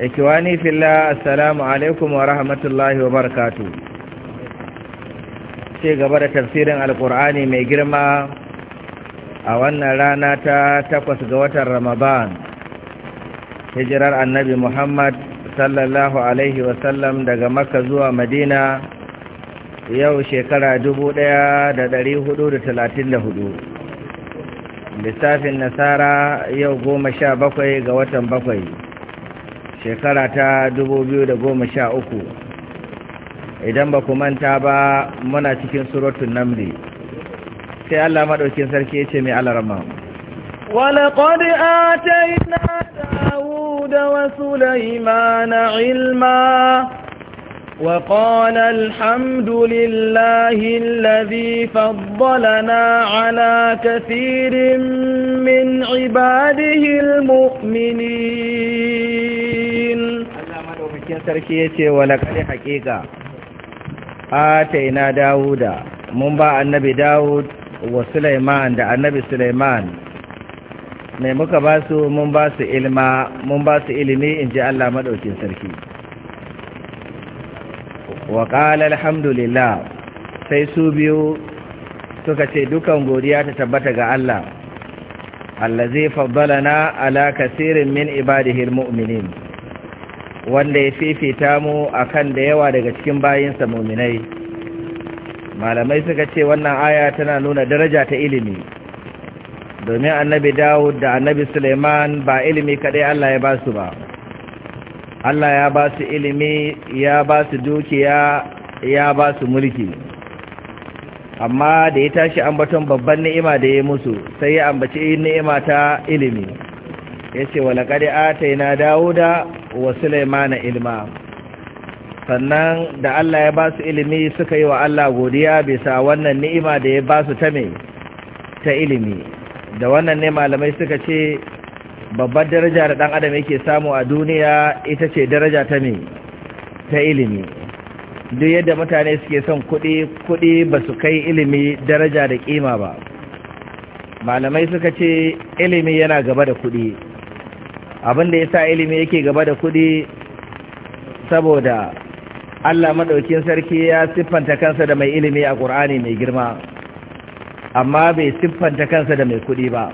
ikiwani filla assalamu alaikum wa rahmatullahi wa barakatu ce gaba da tafsirin alkur'ani mai girma a wannan rana ta takwas ga watan ramadan hijirar annabi muhammad sallallahu alaihi wasallam daga makka zuwa madina yau shekara dubu ɗaya da da talatin da hudu, lissafin nasara yau goma sha bakwai ga watan bakwai shekara ta sha uku, idan ba ku manta ba muna cikin suratun namri sai Allah maɗaukin sarki ya ce mai alarma ولقد آتينا داود وسليمان علما وقال الحمد لله الذي فضلنا على كثير من عباده المؤمنين cikin sarki ya ce wa laƙari haƙiƙa ataina dawuda mun ba annabi dawud wa Suleiman da annabi Suleiman, mai muka ba su mun ba su ilma mun ba su ilimi in ji allah maɗaukin sarki wa ƙala alhamdulillah sai su biyu suka ce dukan godiya ta tabbata ga allah allazi na ala kasirin min ibadihil mu'minin wanda ya fifita mu a kan da yawa daga cikin bayinsa muminai malamai suka ce wannan aya tana nuna daraja ta ilimi domin annabi dawud da annabi suleiman ba ilimi kaɗai allah ya ba su ba allah ya ba su ilimi ya ba su dukiya ya ba su mulki amma da ya tashi ambaton babban ni'ima da ya musu sai ya ambaci ni'ima ta ilimi ya ce walaƙari a ta yi na dawuda wa sulaimana ilma sannan da Allah ya ba su ilimi suka yi wa Allah godiya bisa wannan ni'ima da ya ba su ta me ta ilimi da wannan ne malamai suka ce babbar daraja da dan adam yake samu a duniya ita ce daraja ta me ta ilimi duk yadda mutane suke son kuɗi kuɗi ba su kai ilimi daraja da kima ba malamai suka ce ilimi yana gaba da kuɗi abin da ya sa ilimi yake gaba da kuɗi saboda Allah maɗaukin sarki ya siffanta kansa da mai ilimi a ƙur'ani mai girma amma bai siffanta kansa da mai kuɗi ba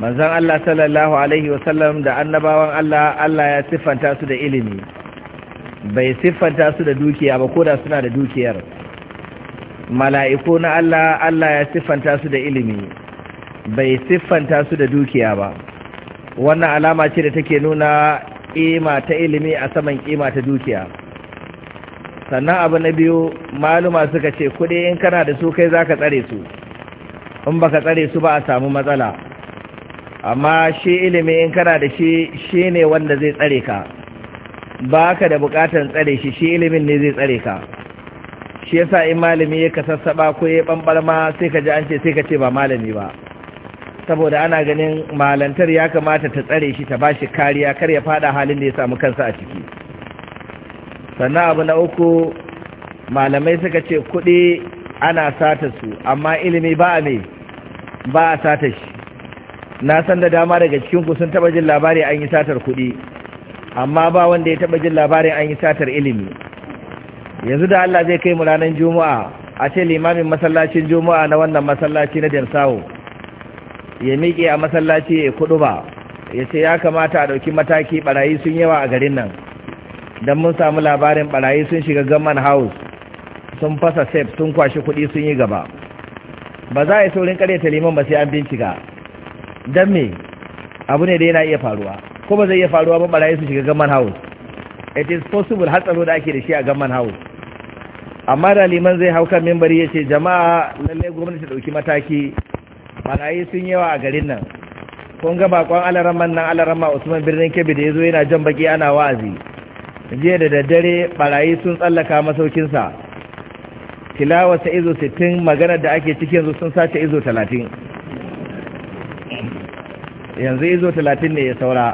manzon Allah sallallahu alaihi wasallam da annabawan Allah Allah ya siffanta su da ilimi bai siffanta su da dukiya ba koda suna da dukiyar mala'iku na Allah Allah ya siffanta su da ilimi bai siffanta su da dukiya ba wannan alama ce da take nuna ƙima ta ilimi a saman ƙima ta dukiya sannan abu na biyu maluma suka ce kuɗi in kana da su kai zaka tsare su in baka tsare su ba a samu matsala amma shi ilimi in kana da shi shi ne wanda zai tsare ka ba ka da bukatar tsare shi shi ilimin ne zai tsare ka shi yasa in malami ya ka sassaɓa, ko ya ɓanɓarma sai ka ji an ce sai ka ce ba malami ba saboda ana ganin malantar ya kamata ta tsare shi ta bashi kariya kar ya fada halin da ya samu kansa a ciki sannan abu na uku malamai suka ce kuɗi ana sata su amma ilimi ba a ne ba a sata shi na san da dama daga cikinku sun taɓa jin labari an yi satar kuɗi amma ba wanda ya taba jin labarin an yi satar ilimi yanzu da Allah zai kai mu ranar juma'a a ce limamin masallacin juma'a na wannan masallaci na Demsawo ya miƙe a masallaci ya kudu ba ya ce ya kamata a ɗauki mataki ɓarayi sun yawa a garin nan don mun samu labarin ɓarayi sun shiga gamman house sun fasa sef sun kwashi kuɗi sun yi gaba ba za a yi saurin ta liman ba sai an bincika don me abu ne da yana iya faruwa ko ba zai iya faruwa ba ɓarayi sun shiga gamman house it is possible har tsaro da ake da shi a gamman house amma da liman zai hau kan mimbari ya ce jama'a lallai gwamnati ɗauki mataki barayi sun yawa a garin nan kun ga bakon alaraman nan alarama usman birnin kebbi da ya zo yana jan baki ana wa'azi jiya da daddare barayi sun tsallaka masaukinsa tilawa ta izo 60 maganar da ake cikin yanzu sun sace izo 30 yanzu izo 30 ne ya saura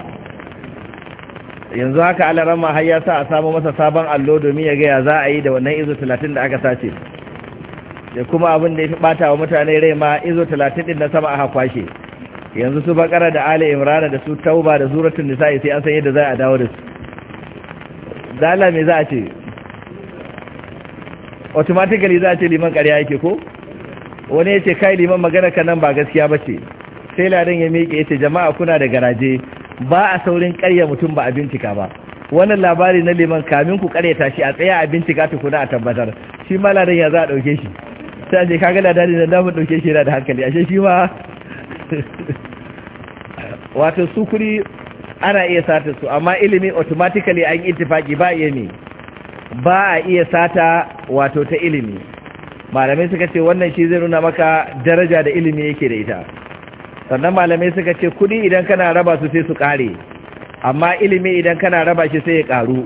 yanzu haka alarama har ya sa a samu masa sabon allo domin ya gaya za a yi da wannan izo 30 da aka sace da kuma abin da ya fi bata wa mutane rai ma izo talatin din na sama aka kwashe yanzu su bakara da ali imrana da su tauba da zuratun nisa'i sai an san yadda za a dawo da su dala me za a ce automatically za a ce liman ƙarya yake ko wani ya ce kai liman magana ka nan ba gaskiya ba ce sai ladan ya miƙe ya ce jama'a kuna da garaje ba a saurin ƙarya mutum ba a bincika ba wannan labari na liman kamin ku ƙaryata shi a tsaya a bincika tukuna a tabbatar shi ma ladan ya za a ɗauke shi sai je kaga da dadi da mu dauke shi da hankali ashe shi ma wato sukuri ana iya sata su amma ilimi automatically an ittifaki ba iya ne ba a iya sata wato ta ilimi malamai suka ce wannan shi zai nuna maka daraja da ilimi yake da ita sannan malamai suka ce kudi idan kana raba su sai su kare amma ilimi idan kana raba shi sai ya karu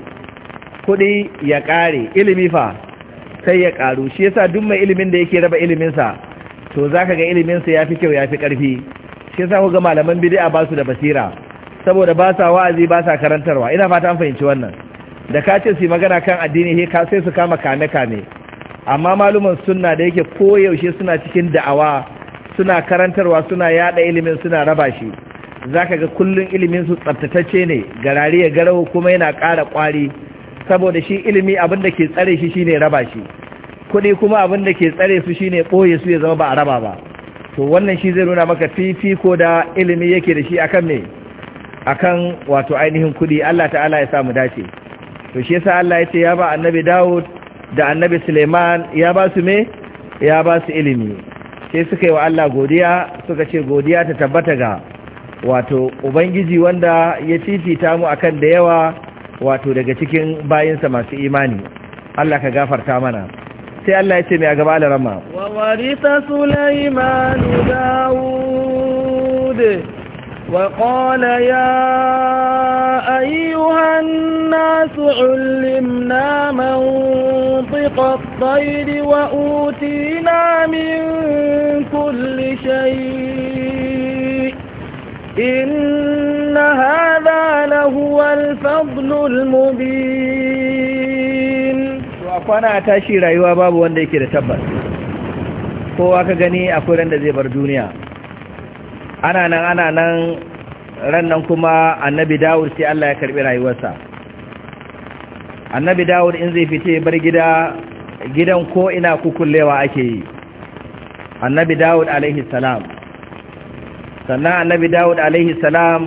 kudi ya kare ilimi fa sai ya karu shi yasa duk mai ilimin da yake raba ilimin sa to zaka ga iliminsa ya fi kyau yafi karfi ƙarfi shi yasa ku ga malaman bid'a ba su da basira saboda ba sa wa'azi ba sa karantarwa ina fata an fahimci wannan da ka ce su magana kan addini he ka sai su kama kame kame amma malumin sunna da yake koyaushe suna cikin da'awa suna karantarwa suna yada ilimin suna raba shi zaka ga kullun ilimin su tsaftatacce ne garari ya garau kuma yana ƙara ƙwari saboda shi ilimi abin da ke tsare shi shine raba shi kuɗi kuma abin da ke tsare su shine boye su ya zama ba a raba ba to wannan shi zai nuna maka fifi ko da ilimi yake da shi akan me akan wato ainihin kuɗi Allah ta'ala ya mu dace to shi yasa Allah ya ce ya ba annabi Dawud da annabi Suleiman ya ba su me ya ba su ilimi sai suka yi wa Allah godiya suka ce godiya ta tabbata ga wato ubangiji wanda ya fifita mu akan da yawa wato daga cikin bayinsa masu imani Allah ka gafarta mana sai Allah ya ce mai a gaba da rama wa warita Sulaiman Dawud wa qala ya ayyuhan nasu ulimna mantiq tayr wa utina min kulli shayi. إن هذا لهو الفضل المبين rayuwa babu رأيوا باب da tabbas. kowa ka gani akwai ran da zai bar duniya ana nan ana nan ran nan kuma annabi dawud sai Allah ya karbi rayuwarsa annabi dawud in zai fita bar gida gidan ko ina kukullewa ake yi annabi dawud alaihi salam sannan annabi dawud alaihi salam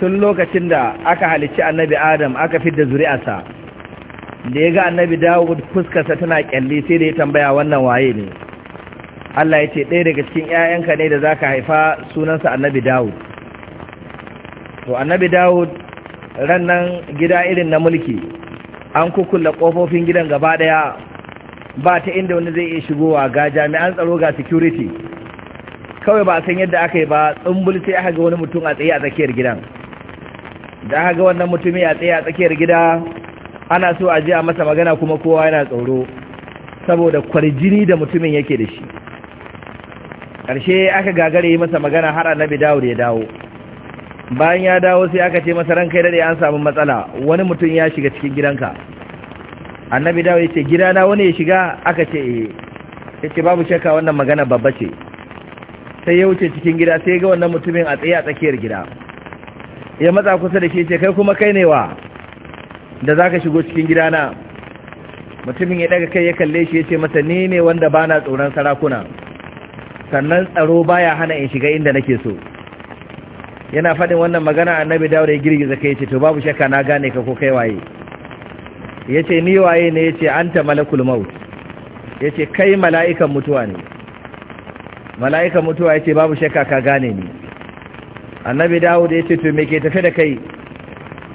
tun lokacin da aka halicci annabi adam aka da zuri'arsa da ya ga annabi dawud fuskarsa tana kyalli sai da ya tambaya wannan waye ne Allah ya ce ɗaya daga cikin 'ya'yanka ne da za ka haifa sunansa annabi dawud to annabi dawud rannan gida irin na mulki an kukulla ƙofofin gidan gaba ɗaya ba ta inda wani zai iya shigowa ga jami'an tsaro ga security kawai ba a san yadda aka yi ba tsumbul sai aka ga wani mutum a tsaye a tsakiyar gidan da aka ga wannan mutumin a tsaye a tsakiyar gida ana so a ji a masa magana kuma kowa yana tsoro saboda kwarjini da mutumin yake da shi ƙarshe aka gagare yi masa magana har annabi dawo da ya dawo bayan ya dawo sai aka ce masa ran ranka dade an samu matsala wani mutum ya shiga cikin gidanka annabi dawo ya ce gidana wani ya shiga aka ce eh ya ce babu shakka wannan magana babba ce sai ya wuce cikin gida sai ga wannan mutumin a tsaye a tsakiyar gida ya matsa kusa da shi ce kai kuma kai ne wa da za ka shigo cikin gida na mutumin ya daga kai ya kalle shi ya ce masa ni ne wanda ba na tsoron sarakuna sannan tsaro baya hana in shiga inda nake so yana faɗin wannan magana annabi dawo da ya girgiza kai ya ce to babu shakka na gane ka ko kai waye ya ce ni waye ne ya ce an ta malakul maut ya ce kai mala'ikan mutuwa ne mala'ika mutuwa ya ce babu shakka ka gane ni annabi dawud ya ce to me ke tafe da kai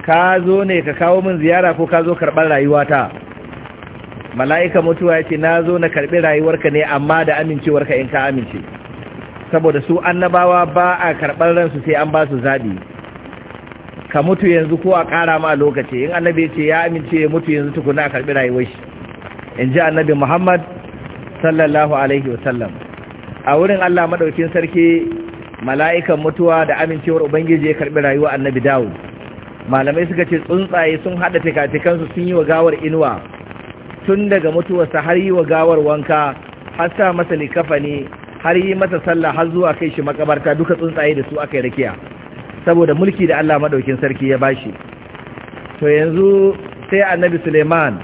ka zo ne ka kawo min ziyara ko ka zo karɓar rayuwata mala'ika mutuwa ya ce na zo na karɓi rayuwarka ne amma da amincewarka in ka amince saboda su annabawa ba a karɓar ransu sai an ba su zaɓi ka mutu yanzu ko a ƙara ma lokaci in annabi yace ya amince ya mutu yanzu tukuna a karɓi rayuwar shi in ji annabi muhammad sallallahu alaihi wasallam a wurin Allah madaukin sarki mala'ikan mutuwa da amincewar ubangiji ya karɓi rayuwa annabi Dawud malamai suka ce tsuntsaye sun haɗa tikatikansu sun yi wa gawar inuwa tun daga mutuwarsa har yi wa gawar wanka har sa masa likafani har yi masa sallah har zuwa kai shi makabarta duka tsuntsaye da su aka yi rakiya saboda mulki da Allah madaukin sarki ya bashi to yanzu sai annabi Suleiman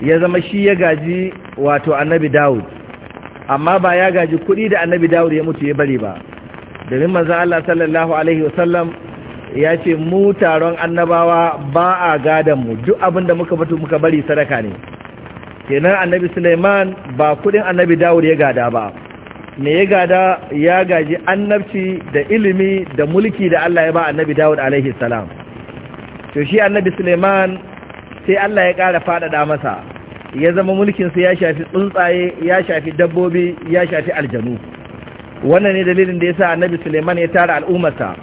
ya zama shi ya gaji wato annabi Dawud amma ba ya gaji kuɗi da annabi dawud ya mutu ya bari ba domin manzan Allah sallallahu alaihi wasallam ya ce mu taron annabawa ba a gadon mu duk abin da muka mutu muka bari sadaka ne kenan annabi suleiman ba kuɗin annabi dawud ya gada ba me ya gada ya gaji annabci da ilimi da mulki da Allah ya ba annabi dawud alaihi salam to shi annabi suleiman sai Allah ya ƙara faɗaɗa masa ya zama mulkin sa ya shafi tsuntsaye ya shafi dabbobi ya shafi aljanu wannan ne dalilin da ya sa annabi suleiman ya tara al'ummarsa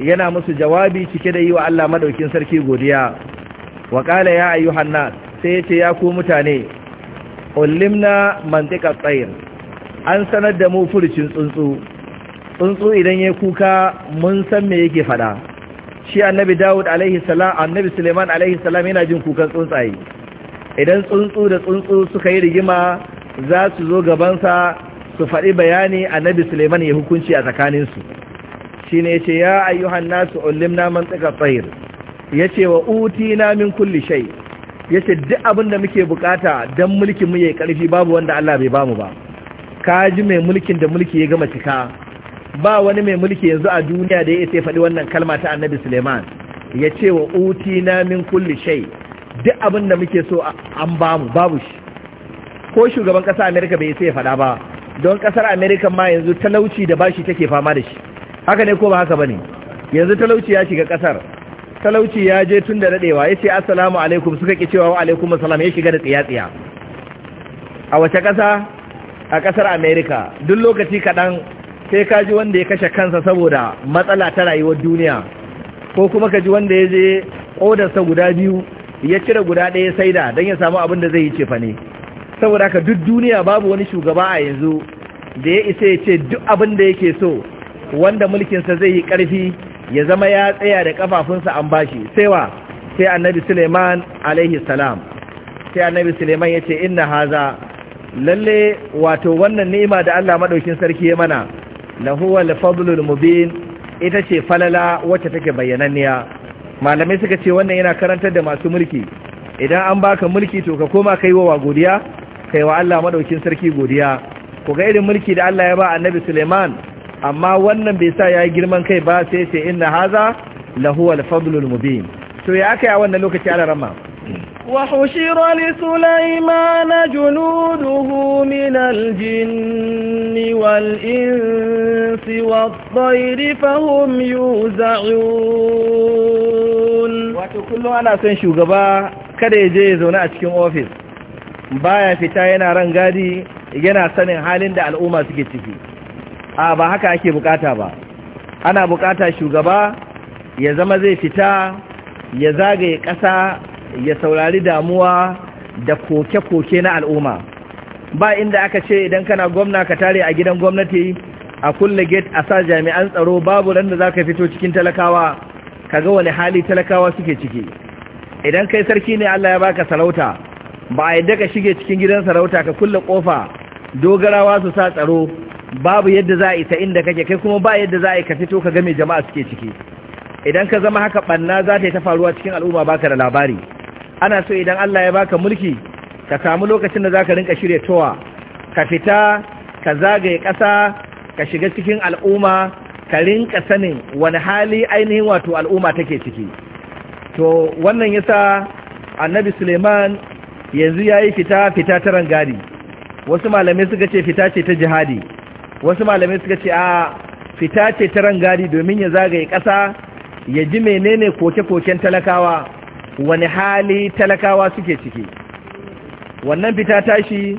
yana musu jawabi cike da yi wa allah maɗaukin sarki godiya wa ƙala ya ayyuhan nas sai ya ce ya ku mutane ulimna mantika tsayin an sanar da mu furucin tsuntsu tsuntsu idan ya kuka mun san me yake faɗa shi annabi dawud alaihi salam annabi suleiman alaihi salam yana jin kukan tsuntsaye idan tsuntsu da tsuntsu suka yi rigima za su zo gabansa su faɗi bayani a Nabi suleiman ya hukunci a tsakaninsu shi ne ce ya ayyuhan nasu ulimna man tsaka tsayir ya ce wa uti na min kulli shai ya ce duk abin da muke bukata don mulkin mu yi karfi babu wanda Allah bai bamu ba ka ji mai mulkin da mulki ya gama cika ba wani mai mulki yanzu a duniya da ya faɗi wannan kalma ta annabi suleiman ya ce wa uti na min kulli shai duk abin da muke so an bamu babu shi ko shugaban ƙasa amerika bai sai ya faɗa ba don ƙasar amerika ma yanzu talauci da bashi take fama da shi haka ne ko ba haka bane yanzu talauci ya shiga kasar talauci ya je tun da daɗewa yace assalamu alaikum suka ki cewa wa alaikum assalam ya shiga da tsiya-tsiya a wace kasa a kasar amerika duk lokaci kaɗan sai ka ji wanda ya kashe kansa saboda matsala ta rayuwar duniya ko kuma ka ji wanda ya je ƙodarsa guda biyu ya cire guda ɗaya saida don ya samu abin da zai yi cefa ne saboda haka duk duniya babu wani shugaba a yanzu da ya isa ya ce duk abin da yake so wanda mulkinsa zai yi ƙarfi ya zama ya tsaya da ƙafafunsa an bashi sai wa sai annabi suleiman alaihi salam sai annabi suleiman ya ce inna haza lalle wato wannan ni'ima da allah maɗaukin sarki ya mana lahuwa lafadulul mubin ita ce falala wacce take bayyananniya malamai suka ce wannan yana karantar da masu mulki idan an baka mulki to ka koma kai wa godiya kai wa Allah madaukin sarki godiya ku ga irin mulki da Allah ya ba annabi Suleiman amma wannan bai sa yayi girman kai ba sai ce inna haza lahu al-fadlul mubin to ya kai a wannan lokaci Allah rama وحشر لسليمان جنوده من الجن والإنس والطير فهم يوزعون wato kullum ana son shugaba kada ya je ya zaune a cikin ofis baya fita yana ran gadi yana sanin halin da al'umma suke ciki a ba haka ake bukata ba ana bukata shugaba ya zama zai fita ya zagaye ƙasa ya saurari damuwa da koke-koke na al'umma ba inda aka ce idan kana gwamna ka tare a gidan gwamnati a kulle gate a sa jami'an tsaro babu ran da za ka fito cikin talakawa ka ga wani hali talakawa suke ciki idan kai sarki ne Allah ya baka sarauta ba a yadda ka shige cikin gidan sarauta ka kulle kofa dogarawa su sa tsaro babu yadda za a isa inda kake kai kuma ba yadda za a yi ka fito ka ga mai jama'a suke ciki idan ka zama haka banna za ta yi ta faruwa cikin al'umma baka da labari ana so idan Allah ya baka mulki ka samu lokacin da za ka rinka shirye towa ka fita ka zagaye ƙasa ka shiga cikin al'umma ka rinka sanin wani hali ainihin wato al'umma take ciki to wannan yasa annabi suleiman yanzu ya yi fita fita ta rangadi wasu malamai suka ce fita ce ta jihadi wasu malamai suka ce a fita ce ta rangadi domin ya zagaye ƙasa ya ji menene koke-koken talakawa wani hali talakawa suke ciki wannan fita tashi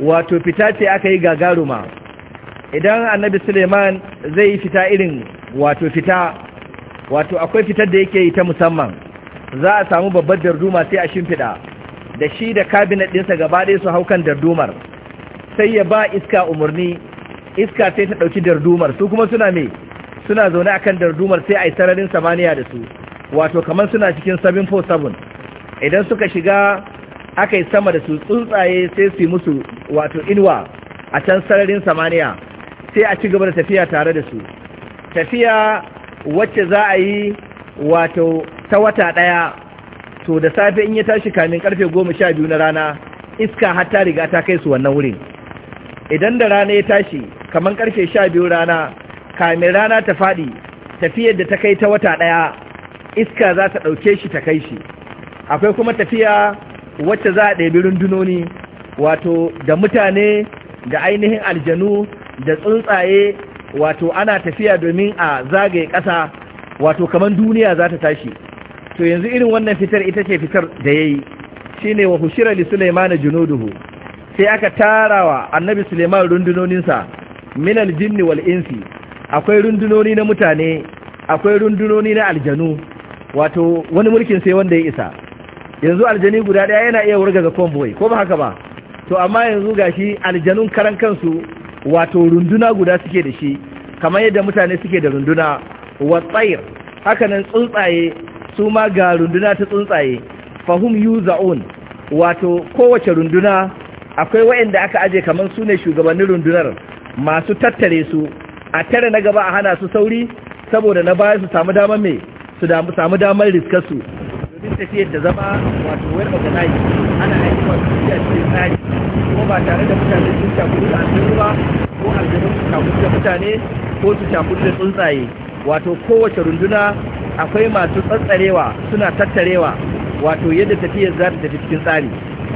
wato fita ce aka yi gagaruma idan annabi suleiman zai yi fita irin wato fita wato akwai fitar da yake yi ta musamman za a samu babbar darduma sai a shimfiɗa da shi da kabinet ɗinsa gaba ɗaya su haukan dardumar sai ya ba iska umarni iska sai ta ɗauki dardumar su kuma suna me suna zaune akan dardumar sai a yi sararin samaniya da su wato kamar suna cikin 747 idan suka shiga aka yi sama da su tsuntsaye sai su yi musu wato inuwa a can sararin samaniya sai a ci gaba da tafiya tare da su tafiya wacce za a yi wato ta wata ɗaya to da safe in ya tashi kamin karfe goma sha biyu na rana iska hatta riga ta kai su wannan wurin idan da rana ya tashi kamar karfe sha biyu rana kamin rana ta faɗi tafiyar da ta kai ta wata ɗaya iska za ta ɗauke shi ta kai shi akwai kuma tafiya wacce za a ɗabi rundunoni wato da mutane da ainihin aljanu da tsuntsaye wato ana tafiya domin a zagaye ƙasa wato kamar duniya za ta tashi to yanzu irin wannan fitar ita ce fitar da ya yi shi ne wa hushira li suleimana junuduhu sai aka tara wa annabi suleiman rundunoninsa minal jinni wal insi akwai rundunoni na mutane akwai rundunoni na aljanu wato wani mulkin sai wanda ya isa yanzu aljani guda daya yana iya wargaga convoy ko ba haka ba to amma yanzu gashi aljanun karan kansu wato runduna guda suke da shi kamar yadda mutane suke da runduna wa tsayir haka nan tsuntsaye su ma ga runduna ta tsuntsaye fahum yuza'un wato kowace runduna akwai waɗanda aka aje kamar su ne shugabannin rundunar masu tattare su a tare na gaba a hana su sauri saboda na baya su samu damar mai su samu damar su domin tafiyar da zama wato wayar organize ana aiki wasu tafiya cikin tsari kuma ba tare da mutane sun shafi da aljanu ba ko aljihun su shafi da mutane ko su shafi da tsuntsaye wato kowace runduna akwai masu tsatsarewa suna tattarewa wato yadda tafiyar za ta tafi cikin tsari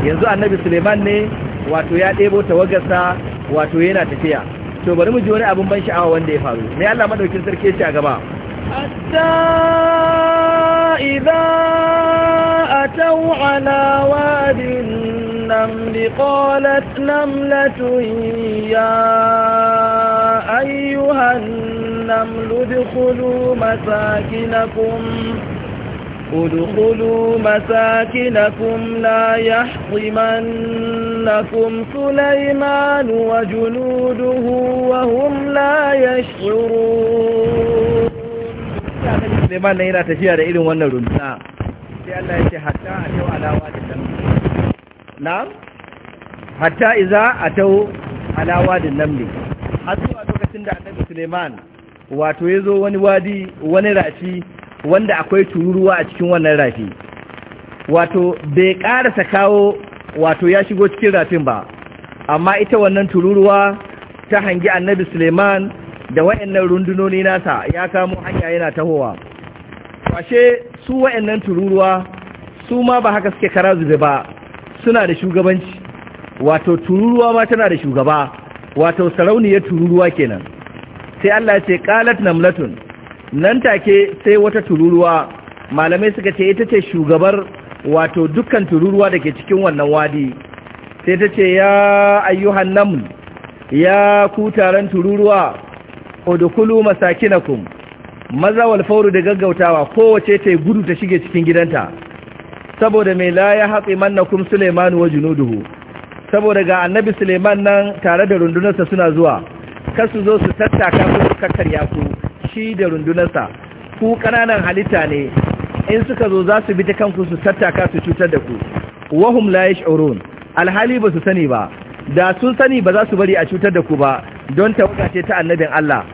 yanzu annabi suleiman ne wato ya ɗebo tawagarsa wato yana tafiya to bari mu ji wani abin ban sha'awa wanda ya faru Me allah madaukin sarki ya ci a gaba حتى إذا أتوا على واد النمل قالت نملة يا أيها النمل ادخلوا مساكنكم ادخلوا مساكنكم لا يحطمنكم سليمان وجنوده وهم لا يشعرون Suleiman nan yana tafiya da irin wannan rumta sai Allah ya ce hatta a tau alawa da nan na'am hatta iza a tau alawa da har zuwa lokacin da Annabi Suleiman wato ya zo wani wadi wani rafi wanda akwai tururuwa a cikin wannan rafi wato bai karasa kawo wato ya shigo cikin rafin ba amma ita wannan tururuwa ta hangi Annabi Suleiman da wayannan rundunoni nasa ya kamo hanya yana tahowa kwashe su wayannan tururuwa su ma ba haka suke kara zube ba suna da shugabanci wato tururuwa ma tana da shugaba wato sarauniyar tururuwa kenan sai Allah ya ce qalat namlatun nan take sai wata tururuwa malamai suka ce ita ce shugabar wato dukkan tururuwa dake cikin wannan wadi sai ta ce ya ayyuhan naml ya ku taron tururuwa udkhulu masakinakum maza wal fawru da gaggautawa kowace ta gudu ta shige cikin gidanta saboda mai la ya haƙi mannakum Suleiman wa junuduhu saboda ga annabi Suleiman nan tare da rundunarsa suna zuwa su zo su tattaka su kakkarya ku shi da rundunarsa ku ƙananan halitta ne in suka zo za su bi ta kanku su tattaka su cutar da ku wahum la yash'urun alhali ba su sani ba da sun sani ba za su bari a cutar da ku ba don ta ce ta annabin Allah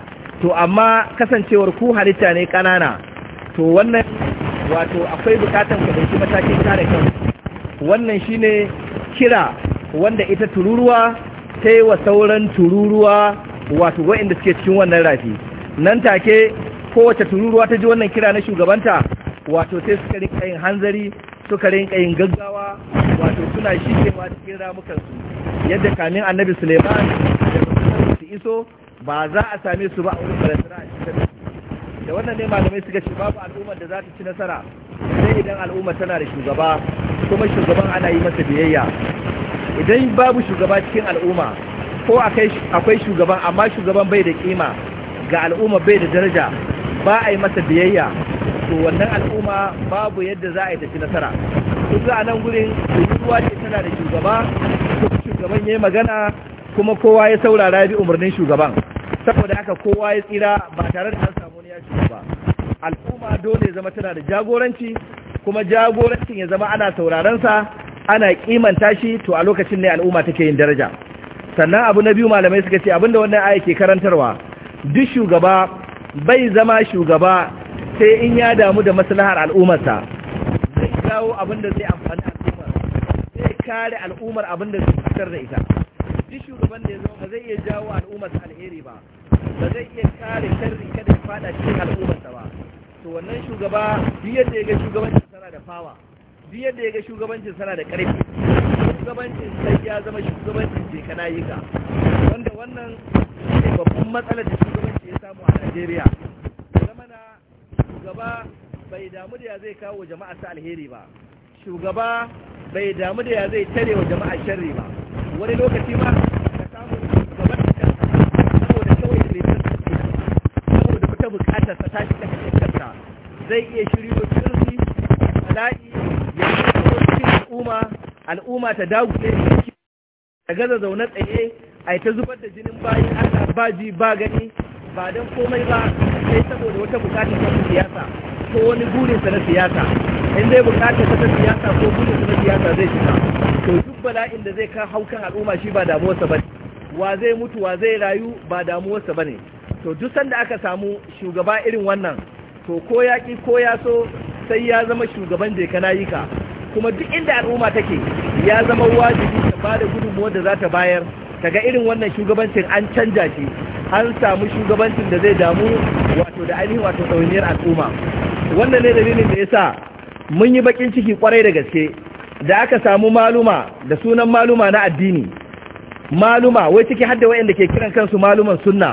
to amma kasancewar ku halitta ne kanana to wannan wato akwai bukatan ka dauki matakin kare kan wannan shine kira wanda ita tururuwa ta yi wa sauran tururuwa wato waɗanda suke cikin wannan rafi nan take kowace tururuwa ta ji wannan kira na shugabanta wato sai suka rinka yin hanzari suka rinka yin gaggawa wato suna shi ke shigewa cikin ramukansu yadda kamin annabi suleiman iso ba za a same su ba a wurin balantana a cikin da wannan ne malamai suka ce babu al'ummar da za ta ci nasara sai idan al'ummar tana da shugaba kuma shugaban ana yi masa biyayya idan babu shugaba cikin al'umma ko akwai shugaban amma shugaban bai da kima ga al'umma bai da daraja ba a yi masa biyayya to wannan al'umma babu yadda za a yi ci nasara duk a nan gurin ruwa ce tana da shugaba kuma shugaban ya yi magana kuma kowa ya saurara bi umarnin shugaban saboda haka kowa ya tsira ba tare da an samu ya shiga ba al'umma dole ya zama tana da jagoranci kuma jagorancin ya zama ana sauraron sa ana kimanta shi to a lokacin ne al'umma take yin daraja sannan abu na biyu malamai suka ce abinda wannan aya ke karantarwa duk shugaba bai zama shugaba sai in ya damu da maslahar sa zai kawo abinda zai amfani al'ummar zai kare al'ummar abinda zai fitar da ita duk shugaban da ya zama ba zai iya jawo al'ummarsa alheri ba ba zai iya kare sharri kada ya fada cikin al'ummarsa ba to wannan shugaba duk yadda ya ga shugabancin sana da fawa duk yadda ya ga shugabancin sana da karfi shugabancin sai ya zama shugabancin je kana yi ka wanda wannan ne babban matsalar da shugabanci ya samu a Najeriya na shugaba bai damu da ya zai kawo jama'a sa alheri ba shugaba bai damu da ya zai tare wa jama'a sharri ba wani lokaci ma ka samu gaban da saboda kawai da samu saboda wata bukatar sa tashi daga cikinsa zai iya shiryo kirsi bala'i ya shiryo cikin al'umma al'umma ta dagule ta gaza zaune tsaye a ta zubar da jinin bayan Allah ba ji ba gani ba don komai ba sai saboda wata bukatar ta siyasa ko wani burinsa na siyasa in dai bukatar ta siyasa ko kuma ta siyasa zai shiga to duk bala'in da zai ka haukan al'umma shi ba damuwarsa ba wa zai mutu wa zai rayu ba damuwarsa ba bane to duk sanda aka samu shugaba irin wannan to ko ya ko ya so sai ya zama shugaban da kana yi kuma duk inda al'umma take ya zama wajibi ta bada da gudunmuwar da za ta bayar ta ga irin wannan shugabancin an canja shi an samu shugabancin da zai damu wato da ainihin wato ɗauniyar al'umma wannan ne dalilin da ya sa mun yi bakin ciki kwarai da gaske da aka samu maluma da sunan maluma na addini maluma wai ciki hadda wayanda ke kiran kansu maluman sunna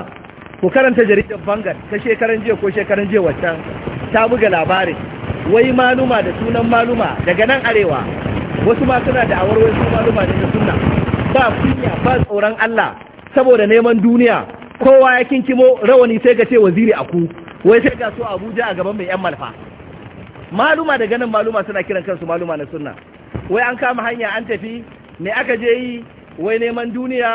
ku karanta jaridar bangar ta shekaran jiya ko shekaran jiya waccan ta buga labarin wai maluma da sunan maluma daga nan arewa wasu ma suna da awar wasu maluma da sunna ba kunya ba tsoron Allah saboda neman duniya kowa ya kinkimo rawani sai ka ce waziri aku wai sai ga su Abuja a gaban mai yan malfa maluma daga nan maluma suna kiran kansu maluma na sunna wai an kama hanya an tafi me aka je yi wai neman duniya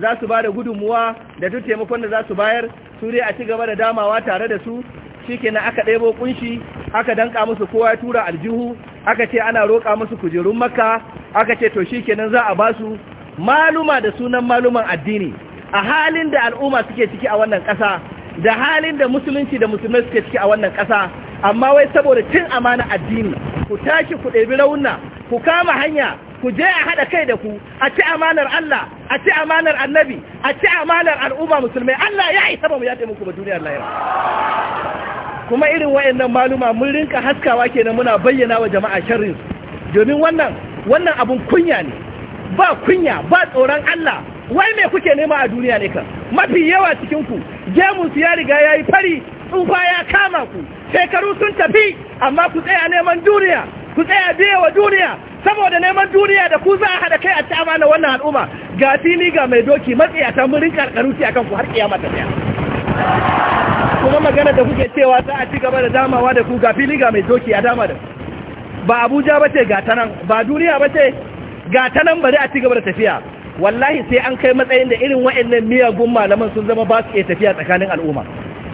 za su ba da gudunmuwa da duk taimakon da za su bayar su dai a ci gaba da damawa tare da su shikenan aka ɗebo kunshi aka danka musu kowa ya tura aljihu aka ce ana roƙa musu kujerun makka aka ce to shikenan za a ba su maluma da sunan maluman addini a halin da al'umma suke ciki a wannan ƙasa da halin da musulunci da musulmai suke ciki a wannan ƙasa amma wai saboda cin amana addini ku tashi ku ɗebi rauna ku kama hanya ku je a haɗa kai da ku a ci amanar Allah a ci amanar annabi a ci amanar al'umma musulmai Allah ya isa ba mu ya taimaka ba duniyar lahira kuma irin wayannan maluma mun rinka haskawa kenan muna bayyana wa jama'a sharrin domin wannan wannan abun kunya ne ba kunya ba tsoron Allah wai me kuke nema a duniya ne kan mafi yawa cikin ku gemun su ya riga yayi fari tsufa ya kama ku shekaru sun tafi amma ku tsaya neman duniya ku tsaya biya wa duniya saboda neman duniya da ku za a haɗa kai a ci amana wannan al'umma ga fili ga mai doki a murin karkaruci akan ku har kiyama ta daya kuma magana da kuke cewa za a ci gaba da damawa da ku ga fili ga mai doki a dama da ba abuja ba ce ga ta nan ba duniya ba ce ga ta nan bari a ci gaba da tafiya wallahi sai an kai matsayin da irin wa'annan miyagun malaman sun zama ba su iya tafiya tsakanin al'umma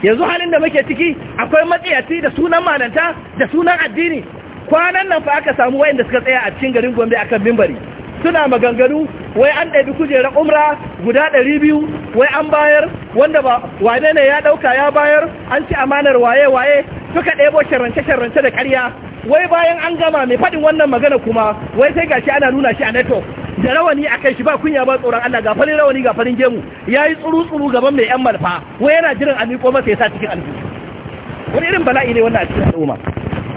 yanzu halin da muke ciki akwai matsayaci da sunan malanta da sunan addini kwanan nan fa aka samu wayanda suka tsaya a cikin garin Gombe akan mimbari suna maganganu wai an ɗabi kujerar umra guda ɗari biyu wai an bayar wanda ba wane ne ya ɗauka ya bayar an ci amanar waye-waye suka ɗebo sharrance-sharrance da ƙarya wai bayan an gama mai faɗin wannan magana kuma wai sai gashi ana nuna shi a network da rawani a kai shi ba kunya ba tsoron Allah ga farin rawani ga farin gemu ya yi tsuru tsuru gaban mai yan malfa wai yana jiran a miƙo masa ya sa cikin aljihu wani irin bala'i ne wannan a cikin al'umma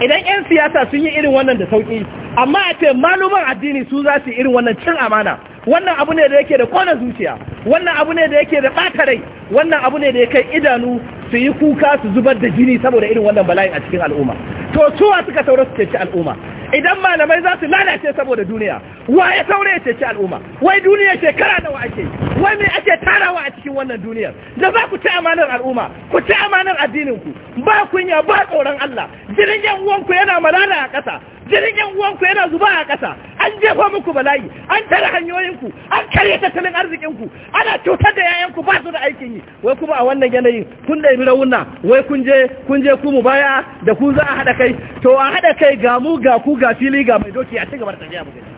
idan yan siyasa sun yi irin wannan da sauki amma a ce maluman addini su za su yi irin wannan cin amana wannan abu ne da yake da kona zuciya wannan abu ne da yake da ɓata rai wannan abu ne da ya kai idanu su yi kuka su zubar da jini saboda irin wannan bala'in a cikin al'umma to suwa suka saura su ci al'umma idan malamai za su lalace saboda duniya wa ya saura ya ceci al'umma wai duniya shekara nawa ake wai me ake tarawa a cikin wannan duniyar da za ku ci amanar al'umma ku ci amanar addininku ba kunya ba tsoron Allah jirgin yan uwanku yana malala a ƙasa jirgin yan uwanku yana zuba a ƙasa an jefa muku bala'i an tare hanyoyinku an karya tattalin arzikinku ana cutar da yayanku ba su da aikin yi wai kuma a wannan yanayin kun ɗabi rauna wai kun je kun je ku mu baya da ku za a haɗa kai to a haɗa kai ga mu ga ku ga fili ga mai doki a ci gaba da tafiya mu gani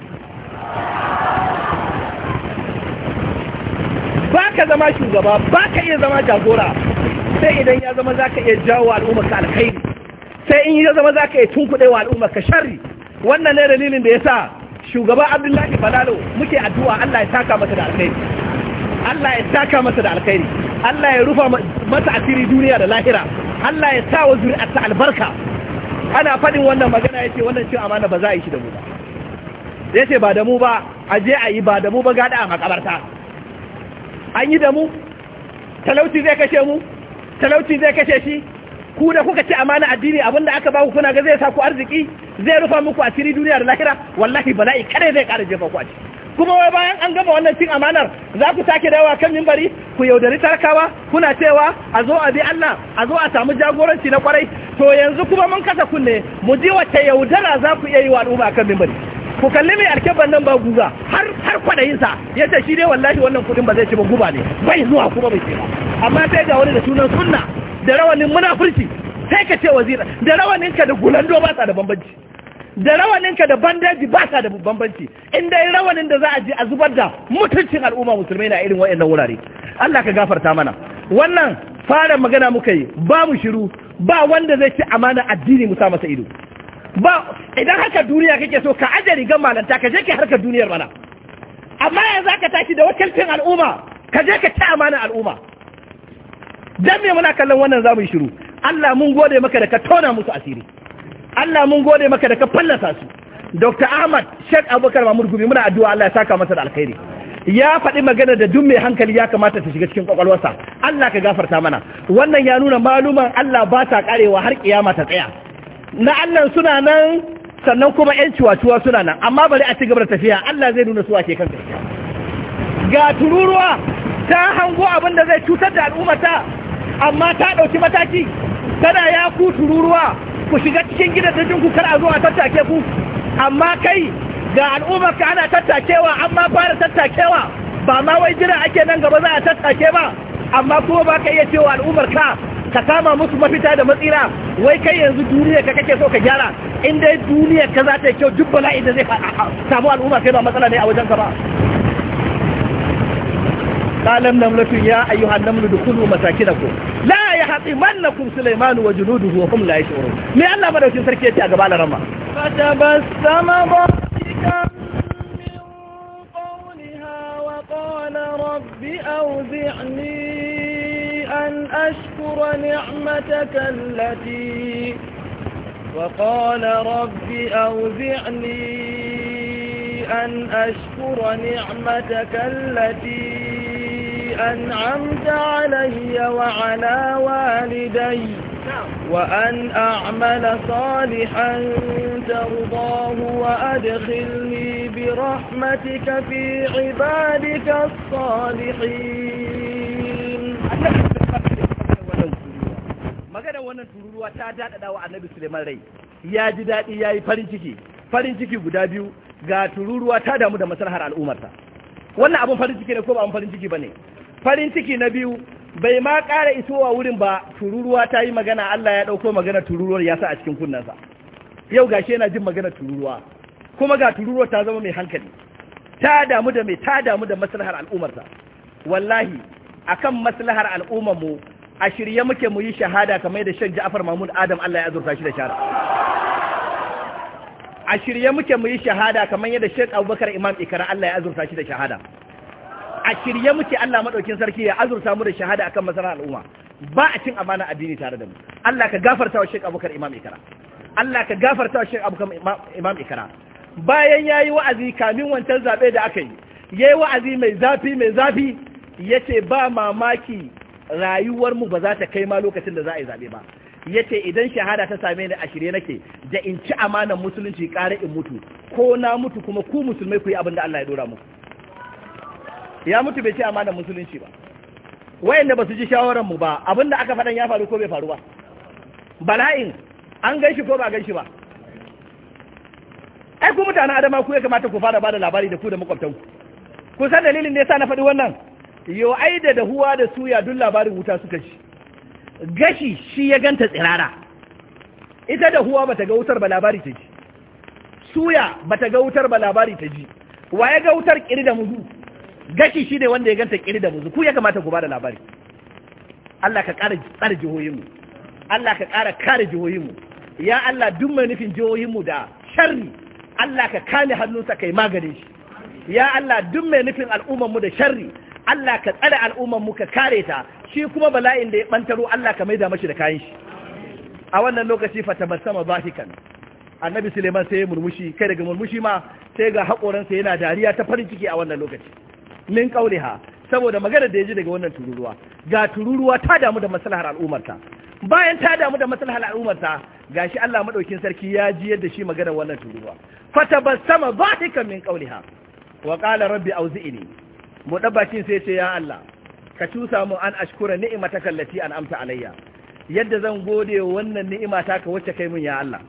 ba ka zama shugaba ba ka iya zama jagora sai idan ya zama za ka iya jawo al'umma ka alkhairi sai in ya zama za ka iya tunkuɗe wa al'umma ka shari wannan ne dalilin da ya sa shugaba abdullahi falalo muke addu'a allah ya taka masa da alkhairi allah ya taka masa da alkhairi allah ya rufa masa asiri duniya da lahira allah ya sa wa zuri'arsa albarka ana faɗin wannan magana ya ce wannan cin amana ba za a yi shi da mu ba ya ce ba da mu ba a je a yi ba da mu ba gada a makabarta an yi da mu talauci zai kashe mu talauci zai kashe shi ku da kuka ci amana addini abinda aka ba ku kuna ga zai sa ku arziki zai rufa muku asiri duniya da lahira wallahi bala'i kare zai kara jefa ku a ciki kuma wai bayan an gama wannan cin amanar za ku sake dawa kan mimbari ku yaudari tarkawa kuna cewa a zo a bi Allah a zo a samu jagoranci na kwarai to yanzu kuma mun kasa kunne mu ji wata yaudara za ku iya yi wa al'umma kan mimbari ku kalli mai alkeban nan ba guga har har sa ya ce shi dai wallahi wannan kudin ba zai ci ba guba ne bai zuwa kuma bai ce ba amma sai ga wani da sunan sunna da rawanin munafurci sai ka ce wazira da rawaninka da gulando ba sa da bambanci da rawaninka da bandaji ba sa da bambanci in yi rawanin da za a je a zubar da mutuncin al'umma musulmai na irin waɗannan wurare Allah ka gafarta mana wannan fara magana muka yi ba mu shiru ba wanda zai ci amana addini mu sa masa ido ba idan haka duniya kake so ka ajiye rigar malanta ka je ka harkar duniyar mana amma yanzu zaka tashi da wakilcin al'umma ka je ka ci amana al'umma dan me muna kallon wannan zamu yi shiru Allah mun gode maka da ka tona musu asiri Allah mun gode maka da ka fallasa su Dr. Ahmad Sheikh Abubakar Mahmud Gumi muna addu'a Allah ya saka masa da alkhairi ya faɗi magana da duk mai hankali ya kamata ta shiga cikin kwakwalwarsa Allah ka gafarta mana wannan ya nuna maluman Allah ba ta karewa har kiyama ta tsaya na Allah suna nan sannan kuma ƴan ciwatuwa suna nan amma bari a ci gaba da tafiya Allah zai nuna su ake kan gaskiya ga tururuwa ta hango abin da zai cutar da al'ummata amma ta ɗauki mataki tana ya ku tururuwa ku shiga cikin gidajen ku kar a zo a tattake ku amma kai ga al'ummar ka ana tattakewa amma fara tattakewa ba ma wai jira ake nan gaba za a tattake ba amma kuma ba ka iya cewa al'ummar ka ka kama musu mafita da matsira wai kai yanzu duniya ka kake so ka gyara in dai duniya ka za ta yi kyau duk bala'i da zai samu al'umma kai ba matsala ne a wajen ka ba قال ya يا أيها النمل دخلوا مساكنكم la khatiman nakum Sulaiman wa junuduhu wa layi la yashurun me Allah madaukin sarki yace a gaba da rama fatabassama bikam رب أوزعني أن أشكر نعمتك التي وقال رب أوزعني أن أشكر نعمتك التي أنعمت علي وعلى والدي وأن أعمل صالحا ترضاه وأدخلني برحمتك في عبادك الصالحين magana wannan tururuwa ta daɗaɗa wa annabi Suleiman rai ya ji daɗi ya yi farin ciki farin ciki guda biyu ga tururuwa ta damu da maslahar al'ummarta wannan abin farin ciki ne ko ba abin farin ciki ba ne farin ciki na biyu bai ma ƙara isowa wurin ba tururuwa ta yi magana Allah ya ɗauko magana tururuwar ya sa a cikin kunnensa yau ga shi yana jin magana tururuwa kuma ga tururuwar ta zama mai hankali ta damu da mai ta damu da maslahar al'ummarsa wallahi akan maslahar al'ummar mu a shirye muke mu yi shahada kamar yadda shan Ja'far Mahmud Adam Allah ya azurta shi da shahada a shirye muke mu yi shahada kamar yadda Sheikh Abubakar Imam Ikara Allah ya azurta shi da shahada a shirye muke Allah madaukin sarki ya azurta mu da shahada akan masarar al'umma ba a cin amana addini tare da mu Allah ka gafarta wa Sheikh Abubakar Imam Ikara Allah ka gafarta wa Sheikh Abubakar Imam Ikara bayan yayi wa'azi kamin wancan zabe da aka yi yayi wa'azi mai zafi mai zafi yace ba mamaki rayuwar mu ba za ta kai ma lokacin da za a yi zabe ba yace idan shahada ta same ni a shirye nake da in ci amanan musulunci ƙara in mutu ko na mutu kuma ku musulmai ku yi abin da Allah ya dora muku ya mutu bai ce amanar musulunci ba wayanda ba su ji shawarar mu ba abinda aka faɗan ya faru ko bai faru ba bala'in an gaishi ko ba gaishi ba ai ku mutanen adama ku ya kamata ku fara bada labari da ku da makwabtanku ku san dalilin da ya sa na faɗi wannan yo ai da da huwa da suya duk labarin wuta suka ci gashi shi ya ganta tsirara ita da huwa bata ga wutar ba labari ta ji suya bata ga wutar ba labari ta ji wa ya ga wutar kiri da muzu gashi shi ne wanda ya ganta kiri da buzu ku ya kamata ku bada labari Allah ka ƙara tsare jihohinmu Allah ka ƙara kare jihohinmu ya Allah duk mai nufin jihohinmu da sharri Allah ka kame hannunsa kai maganin shi ya Allah duk mai nufin al'ummarmu da sharri Allah ka tsare al'ummarmu ka kare ta shi kuma bala'in da ya bantaro Allah ka maida mashi da kayan shi a wannan lokaci fatamassama zahikan annabi Suleiman sai ya murmushi kai daga murmushi ma sai ga hakoransa yana dariya ta farin ciki a wannan lokaci min qawliha saboda magana da ji daga wannan tururuwa ga tururuwa ta damu da maslahar al'ummarta bayan ta damu da maslahar al'ummarta shi Allah madaukin sarki ya ji yadda shi magana wannan tururuwa fatabassama kan min qawliha wa qala rabbi auzi'ni mu dabakin sai ce ya Allah ka cusa mu an ashkura ni'mataka allati an'amta alayya yadda zan gode wannan ni'ima ka wacce kai mun ya Allah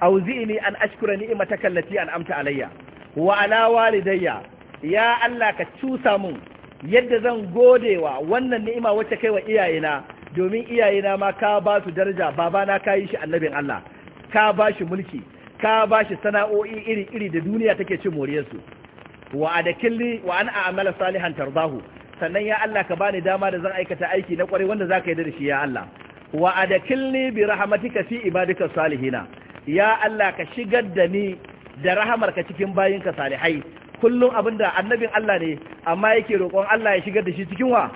auzi'ni an ashkura ni'mataka allati an'amta alayya wa ala walidayya ya Allah ka cusa mun yadda zan godewa wannan ni'ima wacce kai wa iyayena domin iyayena ma ka ba su daraja babana ka yi shi annabin Allah ka ba shi mulki ka ba shi sana'o'i iri-iri da duniya take cin moriyarsu wa adakilli wa an a'amala salihan tarbahu sannan ya Allah ka bani dama da zan aikata aiki na kwarai wanda zaka yi da shi ya Allah wa adakilli bi rahmatika fi ibadika salihina ya Allah ka shigar da ni da rahamarka cikin bayinka salihai kullum abin da annabin Allah ne amma yake roƙon Allah ya shigar da shi cikin wa